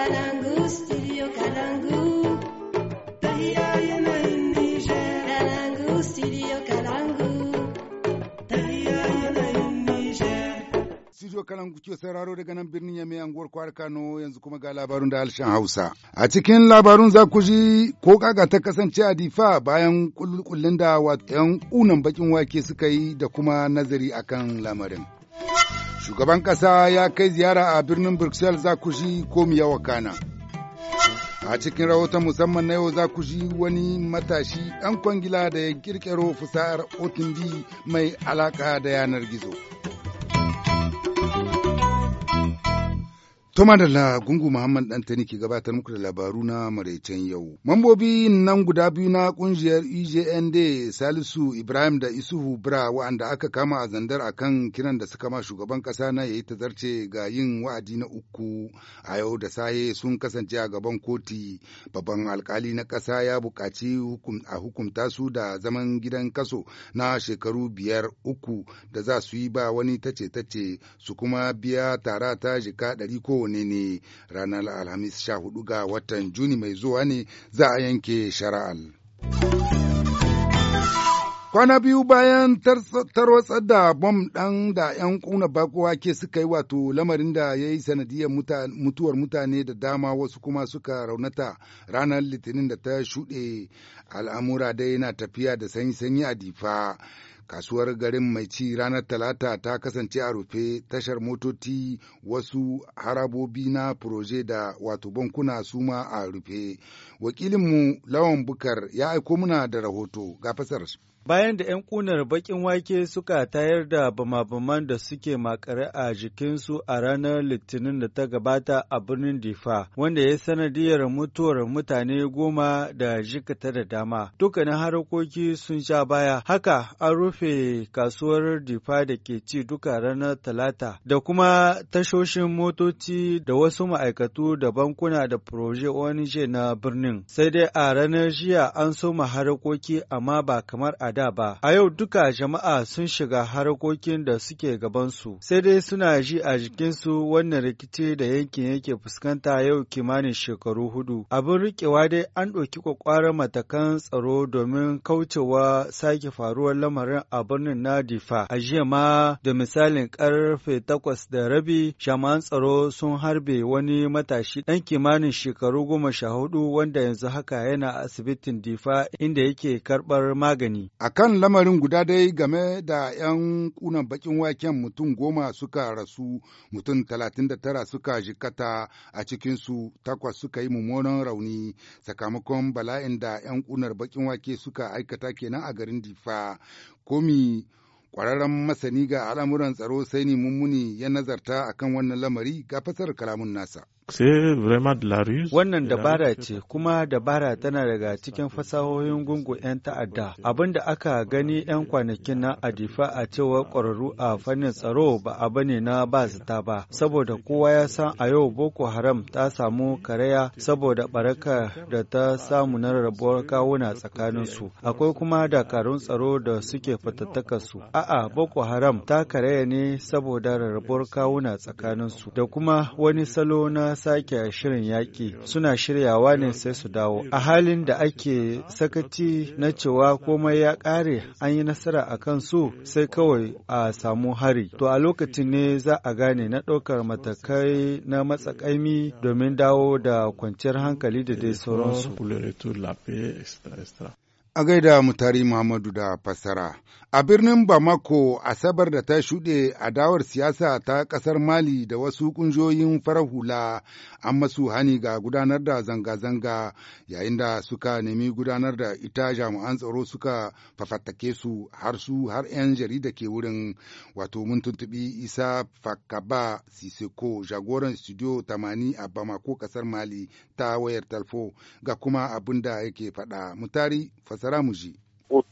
Kalangu, studio Kalangu. ke sauraro daga nan birnin Yame anguwar kwari Kano yanzu kuma ga labarun da harshen Hausa. A cikin labarun za ku ji ko kaga ta kasance a difa bayan kullun da 'yan unan bakin wake suka yi da kuma nazari akan lamarin. Shugaban ƙasa ya kai ziyara a birnin Bruxelles za ku shi komiya kana A cikin rahoton musamman na yau za ku shi wani matashi ɗan kwangila da ya ƙirƙiro fusa'ar OTB mai alaƙa da yanar gizo. Tuma da la gungu Muhammad Dantani ke gabatar muku da labaru na maraicen yau. Mambobi nan guda biyu na kungiyar EJND Salisu Ibrahim da Isuhu Bra wa'anda aka kama a zandar akan kiran da suka ma shugaban kasa na yayi zarce ga yin wa'adi na uku a yau da saye sun kasance a gaban koti. Babban alkali na kasa ya buƙaci a hukunta su da zaman gidan kaso na shekaru biyar uku da za su yi ba wani tace tace su kuma biya tara ta jika ɗari ko kowane ne ranar Alhamis sha hudu ga watan Juni mai zuwa ne za a yanke shara'al. Kwana biyu bayan tarwatsar da bom ɗan da 'yan ƙuna bakowa ke suka yi wato lamarin da ya yi sanadiyar mutuwar mutane da dama wasu kuma suka raunata ranar litinin da ta shuɗe al'amura dai na tafiya da sanyi-sanyi a difa. kasuwar garin mai ci ranar talata ta kasance a rufe tashar motoci wasu harabobi na proje da wato bankuna su ma a rufe wakilinmu lawan bukar ya aiko muna da rahoto ga fasar bayan da 'yan kunar bakin wake suka tayar da bama-baman da suke makare a jikinsu a ranar litinin da ta gabata a birnin difa wanda ya sanadiyar mutuwar mutane goma da jikata da dama dukkanin harkoki sun sha baya haka an rufe rufe kasuwar difa da ke ci duka ranar talata da kuma tashoshin motoci da wasu ma'aikatu da bankuna da proje ONG na birnin. Sai dai a ranar jiya an soma harakoki amma ba kamar a da ba. A yau duka jama'a sun shiga harakokin da suke gabansu. Sai dai suna ji a jikinsu wannan rikici da yankin yake fuskanta yau kimanin shekaru hudu. Abin rikewa dai an ɗauki kwakwaran matakan tsaro domin kaucewa sake faruwar lamarin a birnin na Difa. A jiya ma da misalin karfe takwas da rabi shaman tsaro sun harbe wani matashi ɗan kimanin shekaru goma sha hudu wanda yanzu haka yana asibitin Difa inda yake karɓar magani. A kan lamarin guda dai game da 'yan kunan bakin waken mutum goma suka rasu mutum talatin da tara suka jikata a cikinsu takwas suka yi mummunan rauni sakamakon bala'in da 'yan kunar bakin wake suka aikata kenan a garin Difa. komi ƙwararren masani ga al'amuran tsaro sai ni mummuni ya nazarta akan wannan lamari ga fasar kalamun nasa. Wannan dabara ce kuma dabara tana daga cikin fasahohin gungun 'yan ta'adda. Abin da aka gani 'yan kwanakin na Adifa a cewa ƙwararru a fannin tsaro ba a bane na ba zata ba, saboda kowa ya san a yau Boko Haram ta samu karaya saboda baraka da ta samu na rabuwar kawuna tsakanin su. Akwai kuma dakarun tsaro da suke fatattaka su. A'a Boko Haram ta karaya ne saboda rarrabuwar kawuna tsakanin su da kuma wani salo na sake shirin yaƙi suna shiryawa ne sai su dawo. A halin da ake sakaci na cewa komai ya ƙare an yi nasara a su sai kawai a samu hari. To a lokacin ne za a gane na ɗaukar matakai na matsakaimi domin dawo da kwanciyar hankali da dai sauransu. A gaida mutari Muhammadu da fassara. A birnin Bamako, Asabar da ta shuɗe adawar siyasa ta ƙasar Mali da wasu ƙungiyoyin farar hula an masu hani ga gudanar da zanga-zanga yayin da suka nemi gudanar da ita jami'an tsaro suka fafattake su har su har 'yan jarida ke wurin wato mun tuntuɓi Isa Fakaba Siseko jagoran studio 80 a Bamako ƙasar Mali ta wayar talfo ga kuma abin da yake faɗa. Mutari fassara mu ji.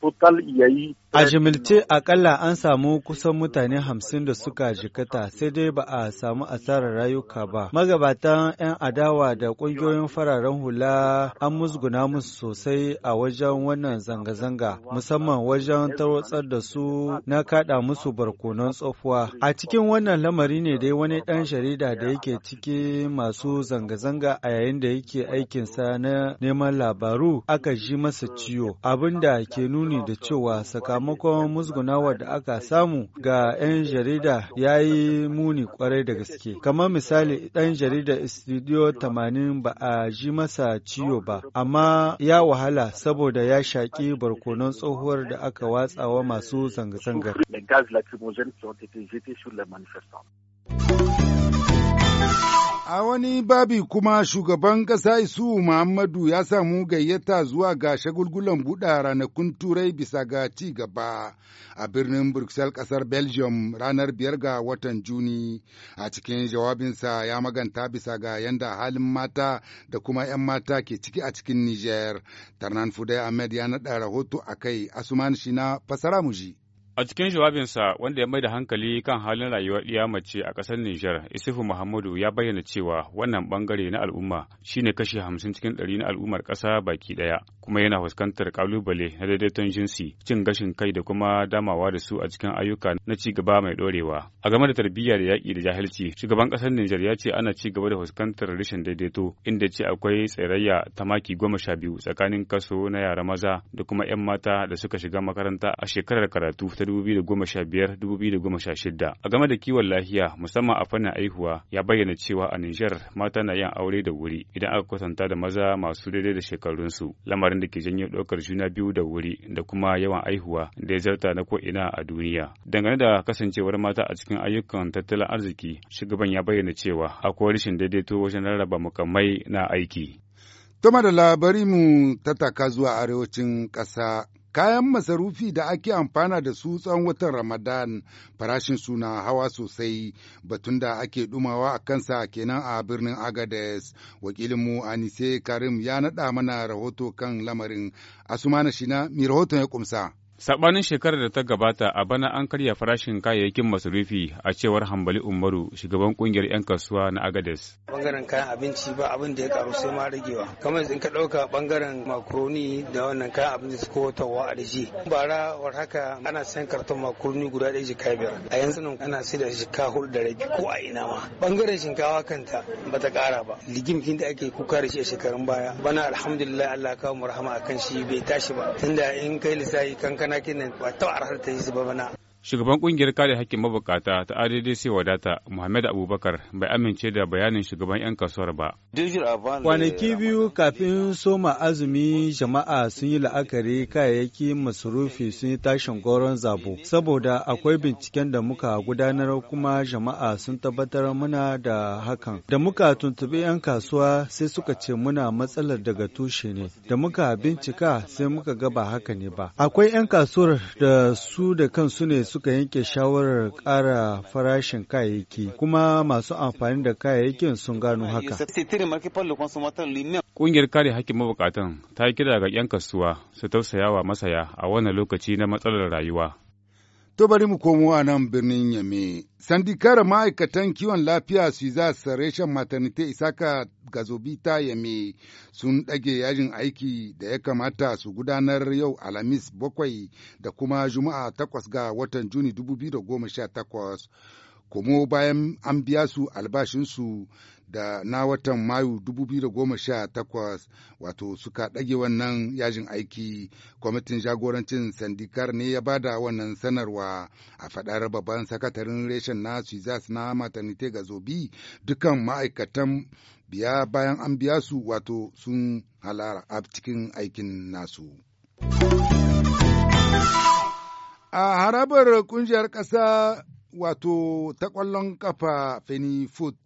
total yayi. A jimilce akalla an samu kusan mutane hamsin da suka jikata sai dai ba a samu asarar rayuka ba. Magabatan 'yan adawa da ƙungiyoyin fararen hula an musguna musu sosai a wajen wannan zanga-zanga musamman wajen tarotsar da su na kaɗa musu barkonon tsofuwa. A cikin wannan lamari ne dai wani ɗan jarida da yake ciki masu zanga-zanga a yayin da yake aikinsa na neman labaru aka ji masa ciwo abin da ke nuni da cewa sakamakon musgunawa da aka samu ga 'yan jarida ya yi muni kwarai da gaske. Kamar misali ɗan jarida Studio 80 ba a ji masa ciwo ba, amma ya wahala saboda ya shaƙi barkonon tsohuwar da aka watsawa masu zanga-zangar. A wani babi kuma shugaban ƙasa Isu Muhammadu ya samu gayyata zuwa ga shagulgulan buɗa ranakun Turai bisa ga ci gaba a birnin Brussels ƙasar Belgium ranar biyar ga watan Juni. A cikin jawabinsa ya maganta bisa ga yanda halin mata da kuma 'yan mata ke ciki a cikin Niger. Tarnan Fudai Ahmed ya naɗa rahoto a kai Asuman Shina fasara muji. A cikin jawabinsa wanda ya mai da hankali kan halin rayuwar ɗiya mace a ƙasar Nijar, Isufu Muhammadu ya bayyana cewa wannan bangare na al'umma shine kashi hamsin cikin ɗari na al'ummar ƙasa baki ɗaya, kuma yana fuskantar ƙalubale na daidaiton jinsi, cin gashin kai da kuma damawa da su a cikin ayyuka na ci gaba mai ɗorewa. A game da tarbiyya da yaƙi da jahilci, shugaban ƙasar Nijar ya ce ana ci gaba da fuskantar rashin daidaito, inda ce akwai tsirayya ta maki goma sha biyu tsakanin kaso na yara maza da kuma 'yan mata da suka shiga makaranta a shekarar karatu ta 2015-2016 a game da kiwon lahiya musamman a fannin aihuwa ya bayyana cewa a Nijar mata na yin aure da wuri idan aka kwatanta da maza masu daidai da shekarunsu lamarin da ke janyo ɗaukar juna biyu da wuri da kuma yawan aihuwa da ya zarta na ko'ina a duniya dangane da kasancewar mata a cikin ayyukan tattalin arziki shugaban ya bayyana cewa akwai rashin daidaito wajen rarraba mukammai na aiki. Tuma da labari mu ta taka zuwa arewacin ƙasa kayan masarufi da ake amfana da su tsawon watan ramadan farashin suna hawa sosai batun da ake dumawa a kansa kenan a birnin agades wakilinmu anise karim ya naɗa mana rahoto kan lamarin asumana shina mai rahoton ya kumsa Sabanin shekarar da ta gabata a bana an karya farashin kayayyakin masarufi a cewar Hambali Umaru shugaban kungiyar 'yan kasuwa na Agades. Bangaren kayan abinci ba abin da ya karu sai ma ragewa. Kamar in ka ɗauka bangaren makaroni da wannan kayan abinci su ko ta wa dashi. Bara war haka ana sayan karton makaroni guda ɗaya jika biyar. A yanzu nan ana sai da jika hudu da rabi ko a ina ma. Bangaren shinkawa kanta ba ta ƙara ba. Ligimkin da ake kuka da shi a shekarun baya. Bana alhamdulillah Allah kawo mu rahama akan shi bai tashi ba. Tunda in kai lissafi kankan kana kinin ba ta arhar ta yi bana Shugaban kungiyar kare hakkin mabukata ta ADDC wadata Muhammad Abubakar bai amince da bayanin shugaban 'yan kasuwar ba. Kwanaki biyu kafin soma azumi jama'a sun yi la'akari kayayyaki masarufi sun yi tashin goron zabo. Saboda akwai binciken da muka gudanar kuma jama'a sun tabbatar muna da hakan. Da muka tuntubi 'yan kasuwa sai suka ce muna matsalar daga tushe ne. Da muka bincika sai muka ga ba haka ne ba. Akwai 'yan kasuwar da su da kansu ne suka yanke shawarar ƙara farashin kayayyaki kuma masu amfani da kayayyakin sun gano haka. Ƙungiyar kare hakkin mabukatan ta kira ga 'yan kasuwa su tausaya wa masaya a wannan lokaci na matsalar rayuwa. To bari mu komo a nan birnin Yame. Sandikar ma'aikatan kiwon lafiya su za su reshen maternity Isaka Gazobita Yame sun ɗage yajin aiki da ya kamata su gudanar yau Alhamis bakwai da kuma Juma'a takwas ga watan Juni 2018. Komo bayan an biya su albashinsu da na watan Mayu 2018 wato suka ɗage wannan yajin aiki kwamitin jagorancin sandikar ne ya bada wannan sanarwa a faɗar babban sakatarin reshen na Suizas na ga zobi dukan ma'aikatan biya bayan an biya su wato sun halara a cikin aikin nasu. A harabar kungiyar ƙasa wato ta ƙwallon ƙafa Fenifoot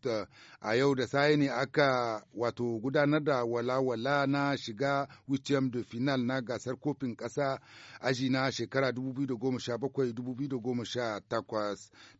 a yau da sai ne aka wato gudanar da wala-wala na shiga wicem da final na gasar kofin ƙasa aji na shekara 2017-2018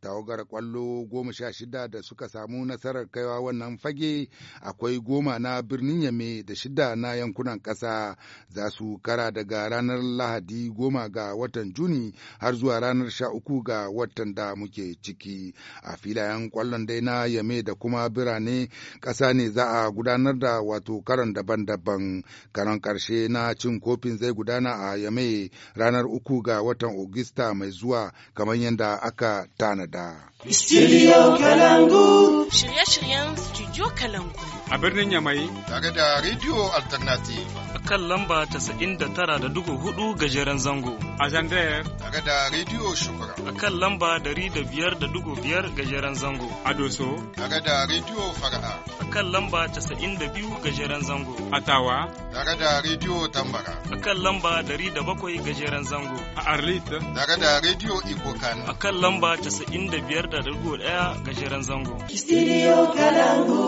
tawagar kwallo 16 da suka samu nasarar kaiwa wannan fage akwai goma na birnin yame da shida na yankunan ƙasa za su kara daga ranar lahadi goma ga watan juni har zuwa ranar sha uku ga watan da muke ciki a filayen kwallon dai na yame da kuma bira birane ƙasa ne za a gudanar da wato karan daban-daban karan ƙarshe na cin kofin zai gudana a yame ranar uku ga watan Ogista mai zuwa kamar yadda aka tanada. Kalangu. Shirye-shiryen Studio Kalangu. A birnin Yamai. Tare da Radio Alternative. A kan lamba tasa'in da tara da dugu hudu gajeren zango. A Zandayar. Tare da Radio Shukura. A kan lamba dari da biyar da dugu biyar gajeren zango. A Doso. Tare da Radio Radio Fara'a. A kan lamba 92 gajeren zango. A Tawa. Tare da Radio Tambara. A kan lamba 107 gajeren zango. A Arlita. Tare da Radio Ikokan. A kan lamba 95.1 gajeren zango. Studio Kalangu.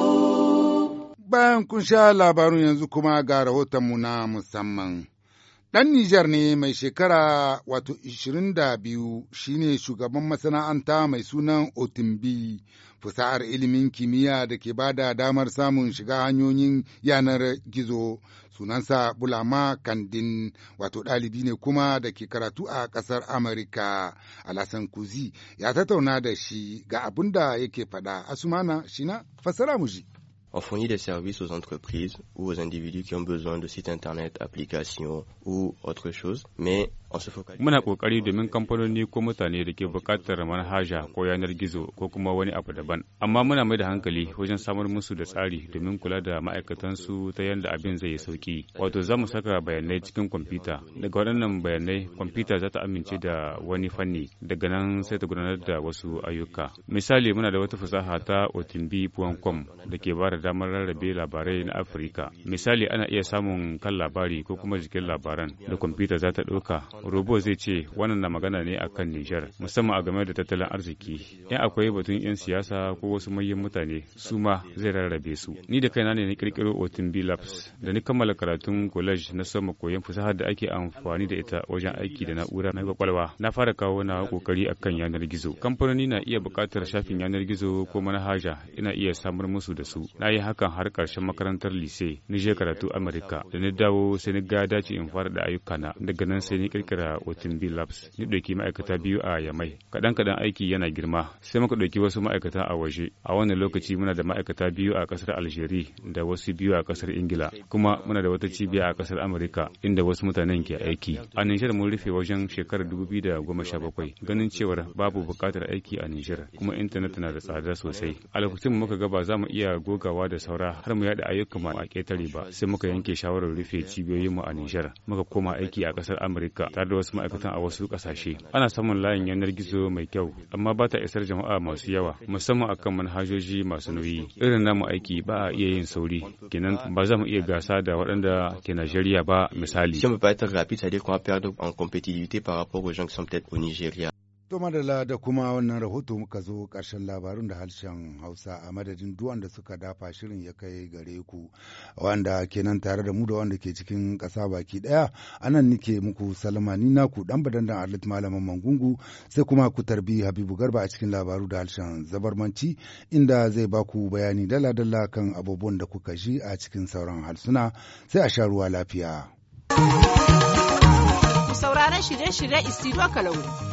Bayan kun sha labarun yanzu kuma ga rahotonmu na musamman. Ɗan Nijar ne mai shekara wato 22 shine shugaban masana'anta mai sunan Otimbi, fasahar ilimin kimiyya da ke bada damar samun shiga hanyoyin yanar gizo. Sunansa Bulama Kandin, wato ɗalibi ne kuma da ke karatu a ƙasar Amurka. Alasan Kuzi ya tattauna da shi ga abin da yake faɗa. Asumana, shina, fassara mu ji. On fournit des services aux entreprises ou aux individus qui ont besoin de sites internet, applications ou autre chose, mais on se focalise. Muna kokari domin kamfanoni ko mutane da ke bukatar manhaja ko yanar gizo ko kuma wani abu daban. Amma muna mai da hankali wajen samar musu da tsari domin kula da ma'aikatansu ta yadda abin zai sauki. Wato za mu saka bayanai cikin kwamfuta. Daga waɗannan bayanai kwamfuta za ta amince da wani fanni daga nan sai ta gudanar da wasu ayyuka. Misali muna da wata fasaha ta otimbi.com da ke bara damar rarrabe labarai na Afirka. Misali ana iya samun kan labari ko kuma jikin labaran da kwamfuta za ta ɗauka. Robo zai ce wannan na magana ne a kan Nijar musamman a game da tattalin arziki. In akwai batun 'yan siyasa ko wasu manyan mutane su ma zai rarrabe su. Ni da kaina ne na kirkiro Otin B Labs da ni kammala karatun college na sama koyon fasahar da ake amfani da ita wajen aiki da na'ura na kwakwalwa. Na fara kawo na kokari akan yanar gizo. Kamfanoni na iya buƙatar shafin yanar gizo ko manhaja ina iya samar musu da su. Na yi hakan har karshen makarantar lise ni je karatu Amerika da ni dawo sai ni ga dace in fara da ayyuka na daga nan sai ni kirkira b Labs ni ɗauki ma'aikata biyu a Yamai kaɗan kaɗan aiki yana girma sai muka ɗauki wasu ma'aikata a waje a wannan lokaci muna da ma'aikata biyu a ƙasar aljeri da wasu biyu a ƙasar Ingila kuma muna da wata cibiya a kasar Amerika inda wasu mutanen ke aiki a Nijar mun rufe wajen shekarar biyu da 2017 ganin cewar babu buƙatar aiki a Nijar kuma intanet na da tsada sosai a lokacin muka ga ba za mu iya gogawa kulawa da saura har mu yada ayyukan mu a ketare ba sai muka yanke shawarar rufe cibiyoyin mu a Nijar muka koma aiki a kasar Amurka tare da wasu ma'aikatan a wasu kasashe ana samun layin yanar gizo mai kyau amma ba ta isar jama'a masu yawa musamman akan manhajoji masu nauyi irin namu aiki ba a iya yin sauri kenan ba za mu iya gasa da waɗanda ke Najeriya ba misali. Je on peut pas être rapide, cest veut dire qu'on va perdre en compétitivité par rapport aux gens qui sont peut-être au Nigeria. To madala da kuma wannan rahoto muka zo ƙarshen labarun da harshen Hausa a madadin duwan da suka dafa shirin ya kai gare ku wanda kenan tare da mu da wanda ke cikin ƙasa baki ɗaya anan nike muku salama ni naku dan badan dan Arlit malaman Mangungu sai kuma ku tarbi Habibu Garba a cikin labaru da harshen Zabarmanci inda zai baku bayani dala dala kan abubuwan da kuka ji a cikin sauran harsuna sai a sha ruwa lafiya. Sauraron shirye-shirye Isiro Kalau